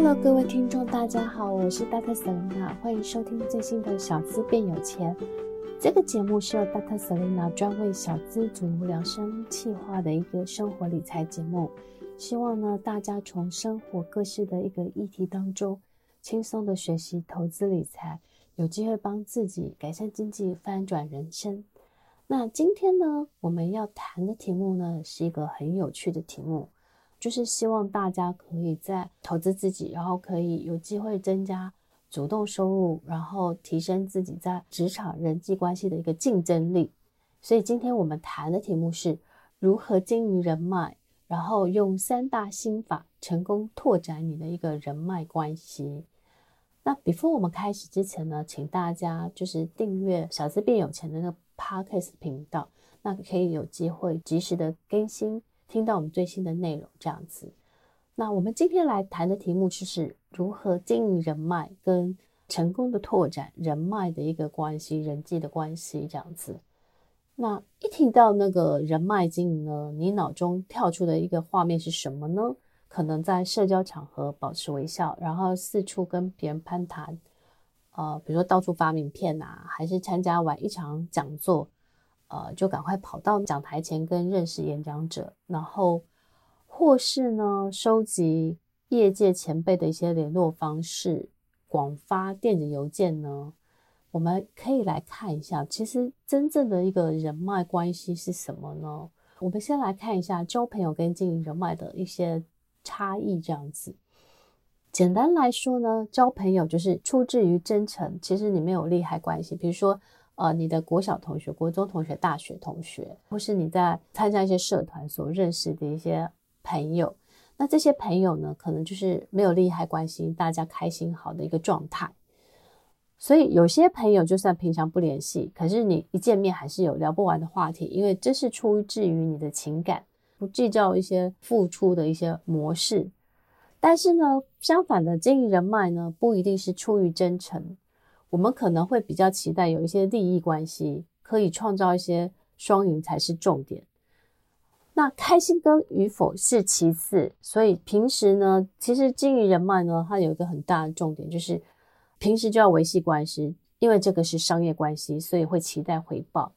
Hello，各位聽眾，大家好，我是 Dr. Selena，歡迎收聽最新的《小資變有錢》。這個節目是由 Dr. Selena 專為小資族量身企劃的一個生活理財節目。希望呢，大家從生活各式的一個議題當中，輕鬆的學習投資理財，有機會幫自己改善經濟，翻轉人生。那今天呢，我們要談的題目呢，是一個很有趣的題目。就是希望大家可以在投資自己，然後可以有機會增加主動收入，然後提升自己在職場人際關係的一個競爭力。所以今天我們談的題目是如何經營人脈，然後用三大心法成功拓展你的一個人脈關係。那 before 我們開始之前呢，請大家就是訂閱“小資變有錢”的那個 podcast 頻道，那可以有機會及時的更新。聽到我們最新的內容這樣子，那我們今天來談的題目就是如何經營人脈跟成功的拓展人脈的一個關係，人際的關係這樣子。那一聽到那個人脈經營呢，你腦中跳出的一個畫面是什麼呢？可能在社交場合保持微笑，然後四處跟別人攀談，呃，比如說到處發名片啊，還是參加完一場講座。呃，就趕快跑到講臺前跟認識演講者，然後或是呢收集業界前輩的一些聯絡方式，廣發電子郵件呢，我們可以來看一下，其實真正的一個人脈關係是什麼呢？我們先來看一下交朋友跟經營人脈的一些差異。這樣子，簡單來說呢，交朋友就是出自於真誠，其實你沒有利害關係，比如說。呃，你的國小同學、國中同學、大學同學，或是你在參加一些社團所認識的一些朋友，那這些朋友呢，可能就是沒有利害關係，大家開心好的一個狀態。所以有些朋友就算平常不聯繫，可是你一見面還是有聊不完的話題，因為這是出自於，於你的情感，不計較一些付出的一些模式。但是呢，相反的，經營人脈呢，不一定是出於真誠。我們可能會比較期待有一些利益關係，可以創造一些雙贏才是重點。那開心跟與否是其次，所以平時呢，其實經營人脈呢，它有一個很大的重點，就是平時就要維繫關係，因為這個是商業關係，所以會期待回報。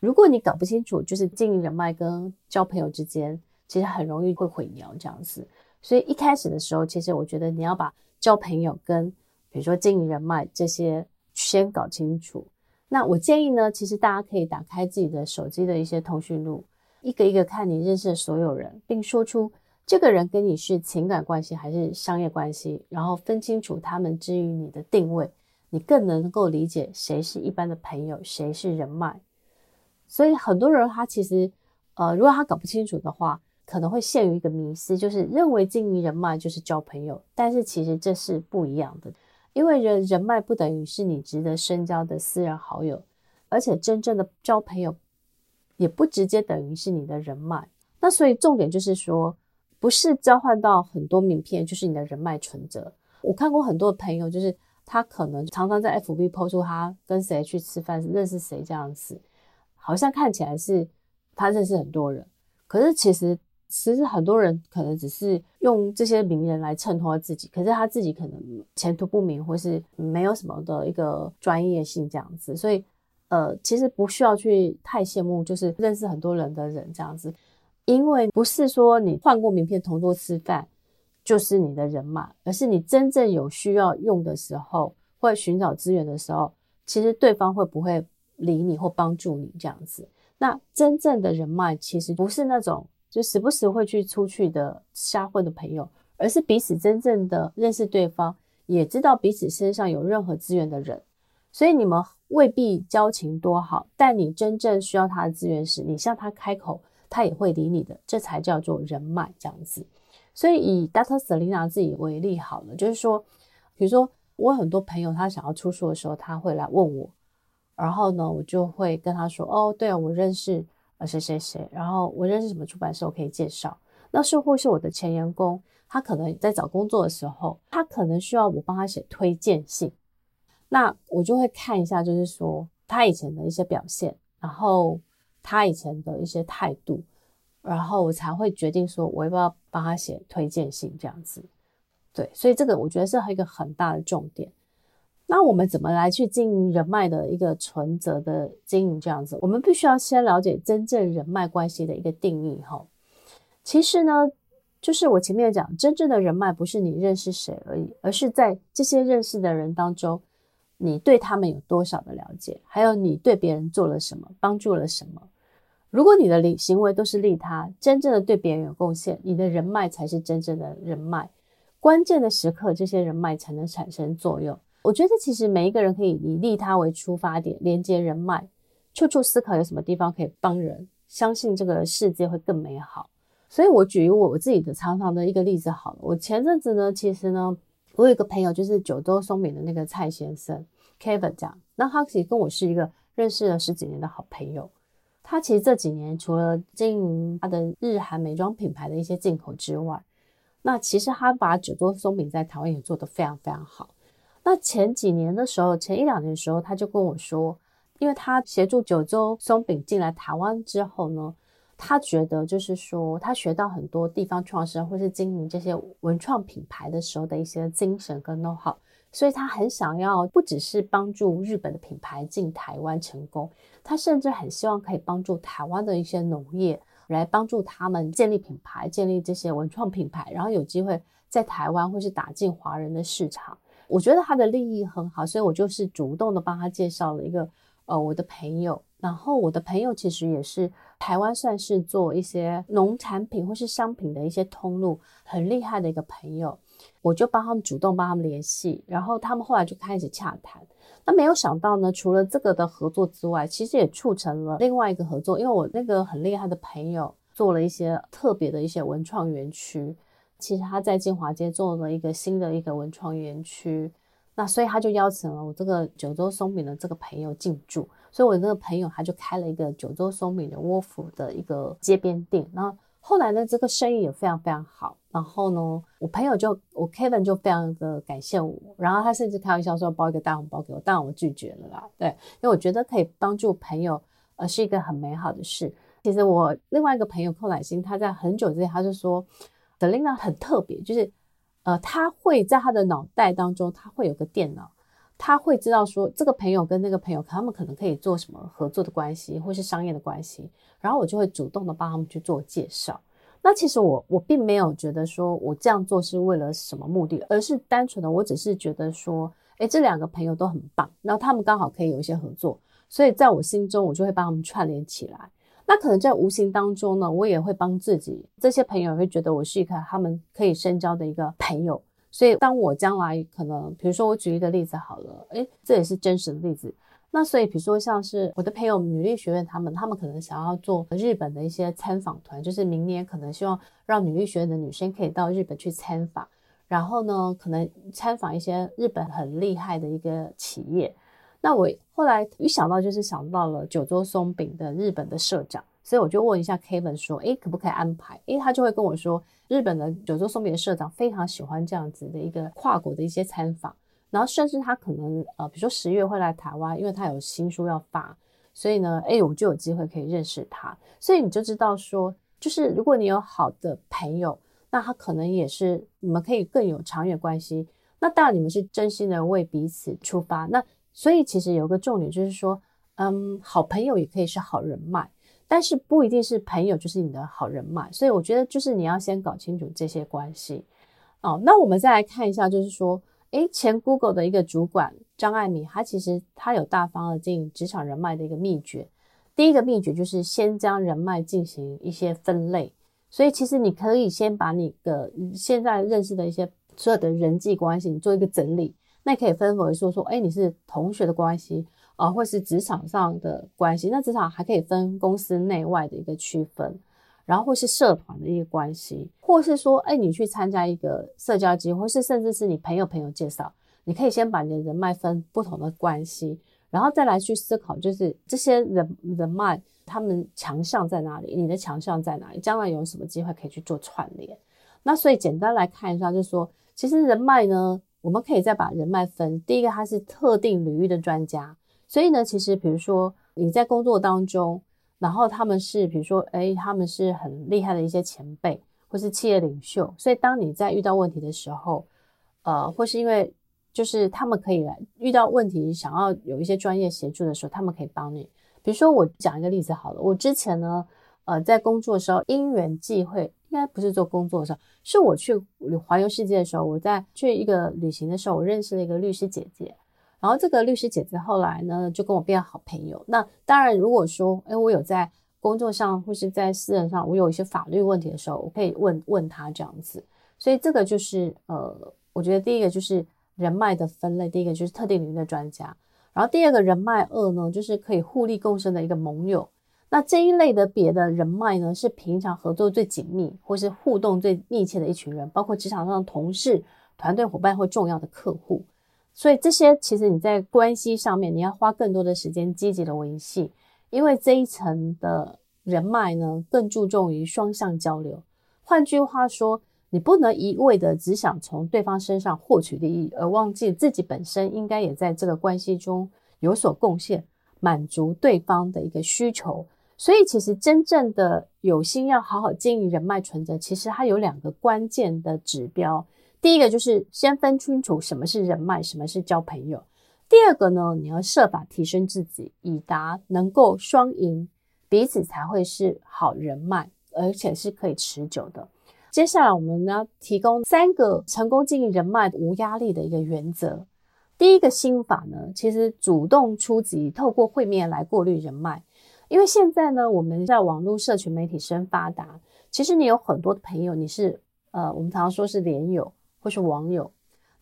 如果你搞不清楚，就是經營人脈跟交朋友之間，其實很容易會混淆這樣子。所以一開始的時候，其實我覺得你要把交朋友跟比如說經營人脈這些，先搞清楚。那我建議呢，其實大家可以打開自己的手機的一些通訊錄，一個一個看你認識的所有人，並說出這個人跟你是情感關係還是商業關係，然後分清楚他們之於你的定位，你更能夠理解誰是一般的朋友，誰是人脈。所以很多人他其實，呃，如果他搞不清楚的話，可能會陷入一個迷思，就是認為經營人脈就是交朋友，但是其實這是不一樣的。因為人人脈不等於是你值得深交的私人好友，而且真正的交朋友也不直接等於是你的人脈。那所以重點就是說，不是交換到很多名片就是你的人脈存摺。我看過很多朋友，就是他可能常常在 FB 拋出他跟誰去吃飯、認識誰這樣子，好像看起來是他認識很多人，可是其實。其實很多人可能只是用這些名人來襯托自己，可是他自己可能前途不明，或是沒有什麼的一個專業性這樣子，所以呃，其實不需要去太羨慕，就是認識很多人的人這樣子，因為不是說你換過名片、同桌吃飯就是你的人脈，而是你真正有需要用的時候或尋找資源的時候，其實對方會不會理你或幫助你這樣子，那真正的人脈其實不是那種。就時不時會去出去的瞎混的朋友，而是彼此真正的認識對方，也知道彼此身上有任何資源的人。所以你們未必交情多好，但你真正需要他的資源時，你向他開口，他也會理你的。這才叫做人脈這樣子。所以以 Dr. Selena 自己為例好了，就是說，比如說我有很多朋友他想要出書的時候，他會來問我，然後呢，我就會跟他說：“哦，對啊，我認識。”啊、誰誰誰，然後我認識什麼出版社，我可以介紹。那是或是我的前員工，他可能在找工作的時候，他可能需要我幫他寫推薦信，那我就會看一下，就是說他以前的一些表現，然後他以前的一些態度，然後我才會決定說，我要不要幫他寫推薦信這樣子。對，所以這個我覺得是一個很大的重點。那我們怎麼來去經營人脈的一個存折的經營這樣子？我們必須要先了解真正人脈關係的一個定義吼。其實呢，就是我前面講，真正的人脈不是你認識誰而已，而是在這些認識的人當中，你對他們有多少的了解，還有你對別人做了什麼，幫助了什麼。如果你的利行為都是利他，真正的對別人有貢獻，你的人脈才是真正的人脈。關鍵的時刻，這些人脈才能產生作用。我覺得其實每一個人可以以利他為出發點，連接人脈，處處思考有什麼地方可以幫人，相信這個世界會更美好。所以，我舉我我自己的常常的一個例子好了。我前陣子呢，其實呢，我有一個朋友就是九州鬆餅的那個蔡先生 Kevin 這樣，那他其實跟我是一個認識了十幾年的好朋友。他其實這幾年除了經營他的日韓美妝品牌的一些進口之外，那其實他把九州鬆餅在台灣也做得非常非常好。那前幾年的時候，前一兩年的時候，他就跟我說，因為他協助九州鬆餅進來台灣之後呢，他覺得就是說，他學到很多地方創始人或是經營這些文創品牌的時候的一些精神跟 know-how，所以他很想要不只是幫助日本的品牌進台灣成功，他甚至很希望可以幫助台灣的一些農業來幫助他們建立品牌，建立這些文創品牌，然後有機會在台灣或是打進華人的市場。我覺得他的利益很好，所以我就是主動的幫他介紹了一個，呃，我的朋友。然後我的朋友其實也是台灣，算是做一些農產品或是商品的一些通路很厲害的一個朋友。我就幫他們主動幫他們聯繫，然後他們後來就開始洽談。那沒有想到呢，除了這個的合作之外，其實也促成了另外一個合作，因為我那個很厲害的朋友做了一些特別的一些文創園區。其實他在金華街做了一個新的一個文創園區，那所以他就邀請了我這個九州鬆餅的這個朋友進駐，所以我這個朋友他就開了一個九州鬆餅的窩夫的一個街邊店。那後，後來呢，這個生意也非常非常好。然後呢，我朋友就我 Kevin 就非常的感謝我，然後他甚至開玩笑說包一個大紅包給我，當然我拒絕了啦。對，因為我覺得可以幫助朋友呃，是一個很美好的事。其實我另外一個朋友寇乃馨，他在很久之前他就說。Selena 很特別，就是呃，他會在他的腦袋當中，他會有個電腦，他會知道說這個朋友跟那個朋友，他們可能可以做什麼合作的關係，或是商業的關係。然後我就會主動的幫他們去做介紹。那其實我我並沒有覺得說我這樣做是為了什麼目的，而是單純的我只是覺得說，哎，這兩個朋友都很棒，然後他們剛好可以有一些合作，所以在我心中，我就會幫他們串聯起來。他可能在無形當中呢，我也會幫自己這些朋友，會覺得我是一個他們可以深交的一個朋友。所以，當我將來可能，比如說我舉一個例子好了，誒，這也是真實的例子。那所以，比如說像是我的朋友女力學院，他們他們可能想要做日本的一些參訪團，就是明年可能希望讓女力學院的女生可以到日本去參訪，然後呢，可能參訪一些日本很厲害的一個企業。那我後來一想到，就是想到了九州鬆餅的日本的社長，所以我就問一下 Kevin 說：“誒，可不可以安排？”哎，他就會跟我說，日本的九州鬆餅的社長非常喜歡這樣子的一個跨國的一些參訪，然後甚至他可能呃，比如說十月會來台灣，因為他有新書要發，所以呢，誒，我就有機會可以認識他。所以你就知道說，就是如果你有好的朋友，那他可能也是你們可以更有長遠關係。那當然，你們是真心的為彼此出發。那。所以其實有個重點就是說，嗯，好朋友也可以是好人脈，但是不一定是朋友就是你的好人脈。所以我覺得就是你要先搞清楚這些關係。哦，那我們再來看一下，就是說，誒，前 Google 的一個主管張愛敏，她其實她有大方的進職場人脈的一個秘訣。第一個秘訣就是先將人脈進行一些分類。所以其實你可以先把你的你現在認識的一些所有的人際關係，你做一個整理。那可以分為說，說，說、欸、誒你是同學的關係啊、呃，或是職場上的關係。那職場還可以分公司內外的一個區分，然後或是社團的一個關係，或是說誒、欸，你去參加一個社交機會或是甚至是你朋友朋友介紹，你可以先把你的人脈分不同的關係，然後再來去思考，就是這些人人脈他們強項在哪裡，你的強項在哪裡，將來有什麼機會可以去做串聯。那所以簡單來看一下，就是說，其實人脈呢。我們可以再把人脈分，第一個他是特定領域的專家，所以呢，其實比如說你在工作當中，然後他們是比如說，哎、欸，他們是很厲害的一些前輩，或是企業領袖，所以當你在遇到問題的時候，呃，或是因為就是他們可以來，遇到問題，想要有一些專業協助的時候，他們可以幫你。比如說我講一個例子好了，我之前呢，呃，在工作的時候，因緣際會，應該不是做工作的時候，是我去環遊世界的時候，我在去一個旅行的時候，我認識了一個律師姐姐，然後這個律師姐姐後來呢就跟我變好朋友。那當然，如果說哎我有在工作上或是在私人上，我有一些法律問題的時候，我可以問問她這樣子。所以這個就是呃，我覺得第一個就是人脈的分類，第一個就是特定領域的專家，然後第二個人脈二呢就是可以互利共生的一個盟友。那這一類的別的人脈呢，是平常合作最緊密，或是互動最密切的一群人，包括職場上的同事、團隊夥伴或重要的客戶。所以這些其實你在關係上面，你要花更多的時間積極的維繫，因為這一層的人脈呢，更注重於雙向交流。換句話說，你不能一味的只想從對方身上獲取利益，而忘記自己本身應該也在這個關係中有所貢獻，滿足對方的一個需求。所以，其實真正的有心要好好經營人脈存摺，其實它有兩個關鍵的指標。第一個就是先分清楚什麼是人脈，什麼是交朋友。第二個呢，你要設法提升自己，以達能夠雙贏，彼此才會是好人脈，而且是可以持久的。接下來，我們呢提供三個成功經營人脈無壓力的一個原則。第一個心法呢，其實主動出擊，透過會面來過濾人脈。因為現在呢，我們在網絡社群媒體深發達，其實你有很多的朋友，你是呃，我們常常說是連友或是網友。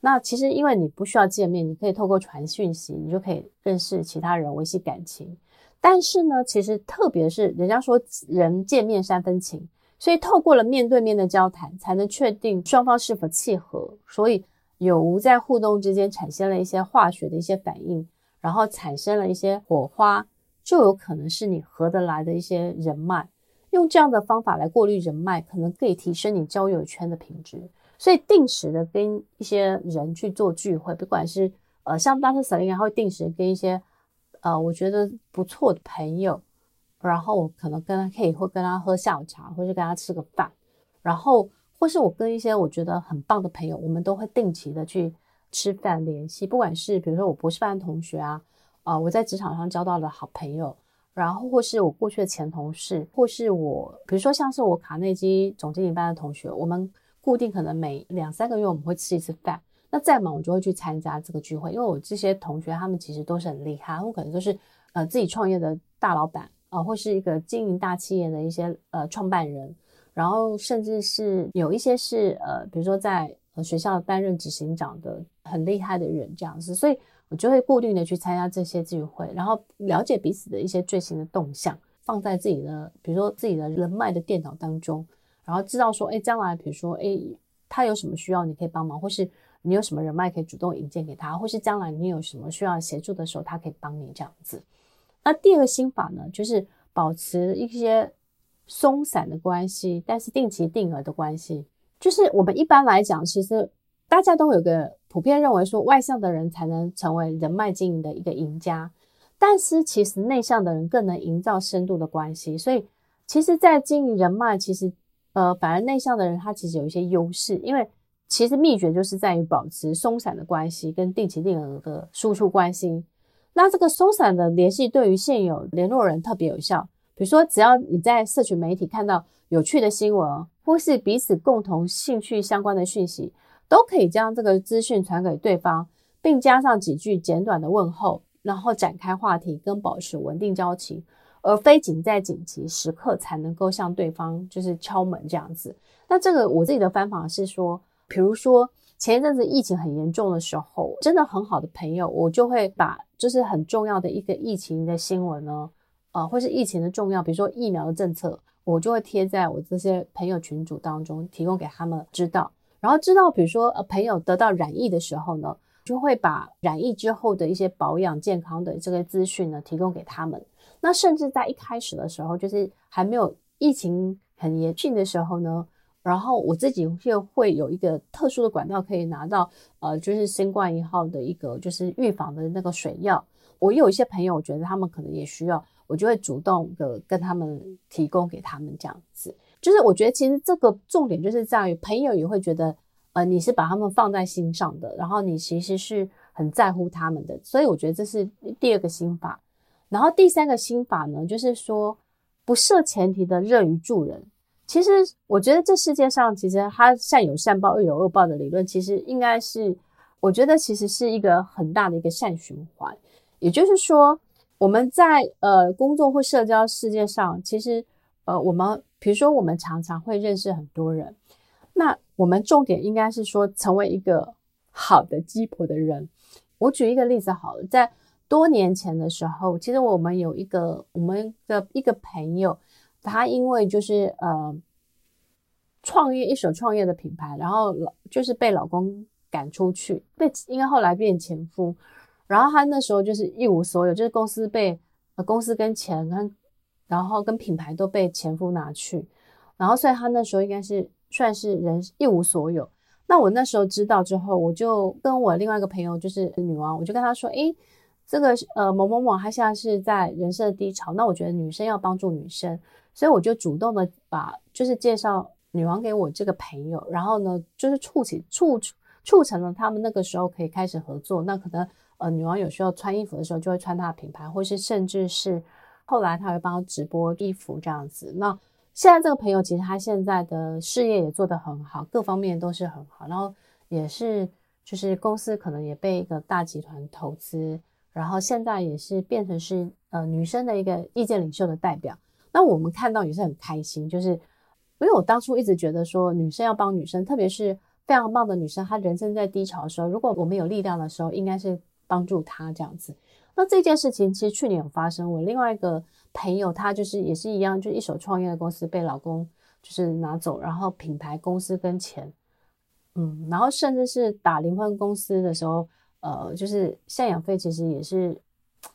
那其實因為你不需要見面，你可以透過傳訊息，你就可以認識其他人，維繫感情。但是呢，其實特別是人家說人見面三分情，所以透過了面對面的交談，才能確定雙方是否契合，所以有無在互動之間產生了一些化學的一些反應，然後產生了一些火花，就有可能是你合得來的一些人脈，用這樣的方法來過濾人脈，可能可以提升你交友圈的品質。所以，定時的跟一些人去做聚會，不管是呃，像當時 Selena 啊，還會定時跟一些呃，我覺得不錯的朋友，然後我可能跟他可以會跟他喝下午茶，或者跟他吃個飯，然後或是我跟一些我覺得很棒的朋友，我們都會定期的去吃飯聯繫。不管是比如說我博士班同學啊。啊、呃，我在職場上交到了好朋友，然後或是我過去的前同事，或是我，比如說像是我卡內基總經理班的同學，我們固定可能每兩三個月我們會吃一次飯。那再忙我就會去參加這個聚會，因為我這些同學他們其實都是很厲害，他們可能都、就是呃自己創業的大老板啊、呃，或是一個經營大企業的一些呃創辦人，然後甚至是有一些是呃，比如說在學校擔任執行長的很厲害的人這樣子，所以。我就會固定的去參加這些聚會，然後了解彼此的一些最新的動向，放在自己的比如說自己的人脈的電腦當中，然後知道說，哎，將來比如說，哎，他有什麼需要你可以幫忙，或是你有什麼人脈可以主動引薦給他，或是將來你有什麼需要協助的時候，他可以幫你這樣子。那第二個心法呢，就是保持一些鬆散的關係，但是定期定額的關係，就是我們一般來講，其實大家都有個。普遍認為說，外向的人才能成為人脈經營的一個贏家，但是其實內向的人更能營造深度的關係。所以其實，在經營人脈，其實呃，反而內向的人他其實有一些優勢，因為其實秘訣就是在於保持鬆散的關係跟定期定額的輸出關係。那這個鬆散的聯繫對於現有聯絡人特別有效，比如說，只要你在社群媒體看到有趣的新聞或是彼此共同興趣相關的訊息。都可以將這個資訊傳給對方，並加上幾句簡短的問候，然後展開話題跟保持穩定交情，而非僅在緊急時刻才能夠向對方就是敲門這樣子。那這個我自己的方法是說，比如說前一陣子疫情很嚴重的時候，真的很好的朋友，我就會把就是很重要的一個疫情的新聞呢，呃，或是疫情的重要，比如說疫苗的政策，我就會貼在我這些朋友群組當中，提供給他們知道。然後知道，比如說呃，朋友得到染疫的時候呢，就會把染疫之後的一些保養健康的這個資訊呢，提供給他們。那甚至在一開始的時候，就是還沒有疫情很嚴峻的時候呢，然後我自己就會有一個特殊的管道可以拿到呃，就是新冠一號的一個就是預防的那個水藥。我有一些朋友，我覺得他們可能也需要，我就會主動的跟他們提供給他們這樣子。就是我覺得，其實這個重點就是在於朋友也會覺得，呃，你是把他們放在心上的，然後你其實是很在乎他們的，所以我覺得這是第二個心法。然後第三個心法呢，就是說不設前提的樂於助人。其實我覺得這世界上，其實它善有善報，惡有惡報的理論，其實應該是，我覺得其實是一個很大的一個善循環。也就是說，我們在呃工作或社交世界上，其實呃我們。比如說，我們常常會認識很多人，那我們重點應該是說，成為一個好的雞婆的人。我舉一個例子好了，在多年前的時候，其實我們有一個我們的一個朋友，他因為就是呃創業一手創業的品牌，然後老就是被老公趕出去，被應該後來變前夫，然後他那時候就是一無所有，就是公司被，呃，公司跟錢跟。然後跟品牌都被前夫拿去，然後所以他那時候應該是算是人一無所有。那我那時候知道之後，我就跟我另外一個朋友就是女王，我就跟他說：“誒，這個呃某某某，她現在是在人生的低潮。那我覺得女生要幫助女生，所以我就主動的把就是介紹女王給我這個朋友，然後呢就是促起促促促成了，他們那個時候可以開始合作。那可能呃女王有時候穿衣服的時候就會穿她的品牌，或是甚至是。後來他會幫我直播衣服這樣子，那現在這個朋友其實他現在的事業也做得很好，各方面都是很好，然後也是就是公司可能也被一個大集團投資，然後現在也是變成是呃女生的一個意見領袖的代表。那我們看到也是很開心，就是因為我當初一直覺得說女生要幫女生，特別是非常棒的女生，她人生在低潮的時候，如果我們有力量的時候，應該是幫助她這樣子。那這件事情其實去年有發生，我另外一個朋友，他就是也是一樣，就一手創業的公司被老公就是拿走，然後品牌公司跟錢，嗯，然後甚至是打離婚官司的時候，呃，就是贍養費其實也是，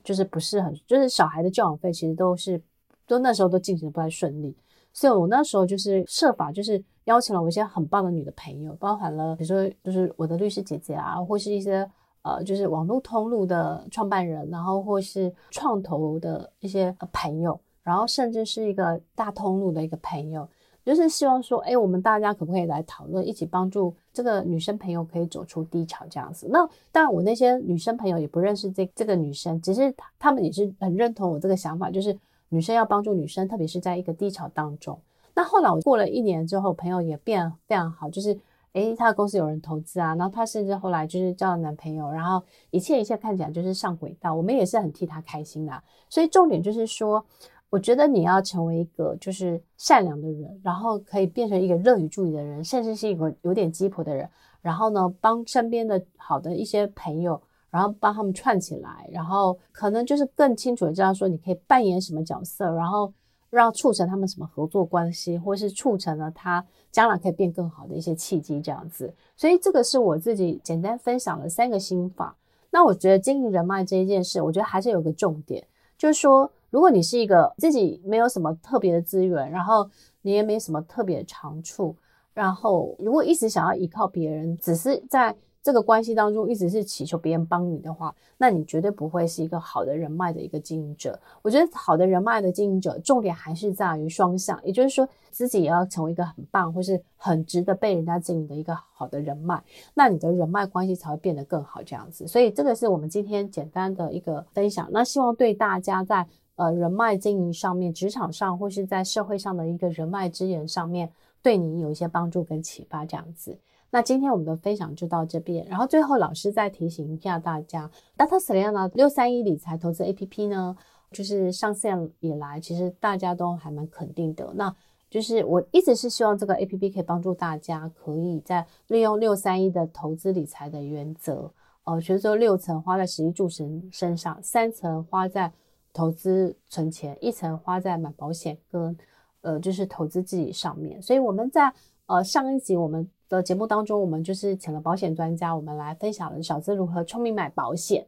就是不是很，就是小孩的教養費其實都是，都那時候都進行的不太順利，所以我那時候就是設法就是邀請了我一些很棒的女的朋友，包含了比如說就是我的律師姐姐啊，或是一些。呃，就是網絡通路的創辦人，然後或是創投的一些朋友，然後甚至是一個大通路的一個朋友，就是希望說，哎、欸，我們大家可不可以來討論，一起幫助這個女生朋友可以走出低潮這樣子？那但我那些女生朋友也不認識這這個女生，只是她她們也是很認同我這個想法，就是女生要幫助女生，特別是在一個低潮當中。那後來我過了一年之後，朋友也變非常好，就是。誒，他的公司有人投資啊，然後他甚至後來就是交了男朋友，然後一切一切看起來就是上軌道。我們也是很替他開心的啊，所以重點就是說，我覺得你要成為一個就是善良的人，然後可以變成一個樂於助人的人，甚至是一個有點雞婆的人，然後呢，幫身邊的好的一些朋友，然後幫他們串起來，然後可能就是更清楚的知道說你可以扮演什麼角色，然後。讓促成他們什麼合作關係，或是促成了他將來可以變更好的一些契機，這樣子。所以這個是我自己簡單分享的三個心法。那我覺得經營人脈這一件事，我覺得還是有個重點，就是說，如果你是一個自己沒有什麼特別的資源，然後你也沒什麼特別的長處，然後如果一直想要依靠別人，只是在。這個關係當中一直是祈求別人幫你的話，那你絕對不會是一個好的人脈的一個經營者。我覺得好的人脈的經營者，重點還是在於雙向，也就是說自己也要成為一個很棒或是很值得被人家經營的一個好的人脈，那你的人脈關係才會變得更好這樣子。所以這個是我們今天簡單的一個分享，那希望對大家在呃人脈經營上面、職場上或是在社會上的一個人脈資源上面對你有一些幫助跟啟發這樣子。那今天我們的分享就到這邊。然後最後老師再提醒一下大家，Dr. Selena 的六三一理財投資 A P P 呢，就是上線以來，其實大家都還蠻肯定的。那就是我一直是希望這個 A P P 可以幫助大家，可以在利用六三一的投資理財的原則，哦、呃，全說六層花在食衣住行身上，三層花在投資存錢，一層花在買保險跟呃就是投資自己上面。所以我們在呃上一集我們。的節目當中，我們就是請了保險專家，我們來分享了小資如何聰明買保險。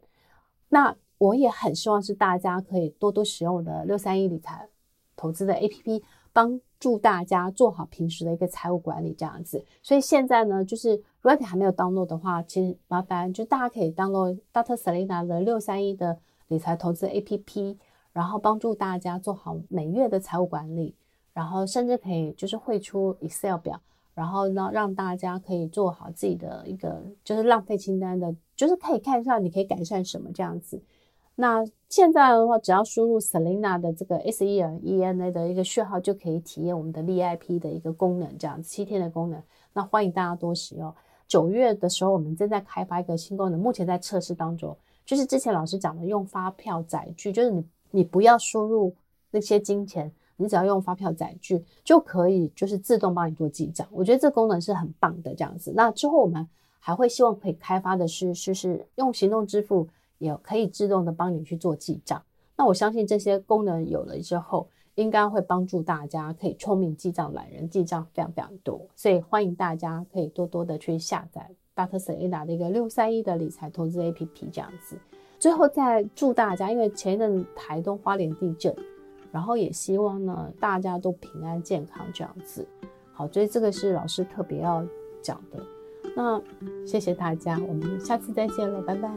那我也很希望是大家可以多多使用我的六三一理財投資的 APP，幫助大家做好平時的一個財務管理這樣子。所以現在呢，就是如果你還沒有 download 的話，其實麻煩就大家可以 download Dr. Selena 的六三一的理財投資 APP，然後幫助大家做好每月的財務管理，然後甚至可以就是匯出 Excel 表。然後呢，讓大家可以做好自己的一個就是浪費清單的，就是可以看一下你可以改善什麼這樣子。那現在的話，只要輸入 Selena 的這個 S E L E N A 的一個序號，就可以體驗我們的 VIP 的一個功能，這樣七天的功能。那歡迎大家多使用。九月的時候，我們正在開發一個新功能，目前在測試當中。就是之前老師講的用發票載具，就是你你不要輸入那些金錢。你只要用發票載具就可以，就是自動幫你做記賬。我覺得這功能是很棒的，這樣子。那之後我們還會希望可以開發的是，就是，是用行動支付也可以自動的幫你去做記賬。那我相信這些功能有了之後，應該會幫助大家可以聰明記賬、懶人記賬非常非常多。所以歡迎大家可以多多的去下載 Dr. Selena 的一個六三一的理財投資 A P P 這樣子。最後再祝大家，因為前一陣台東花蓮地震。然後也希望呢，大家都平安健康這樣子。好，所以這個是老師特別要講的。那謝謝大家，我們下次再見了，拜拜。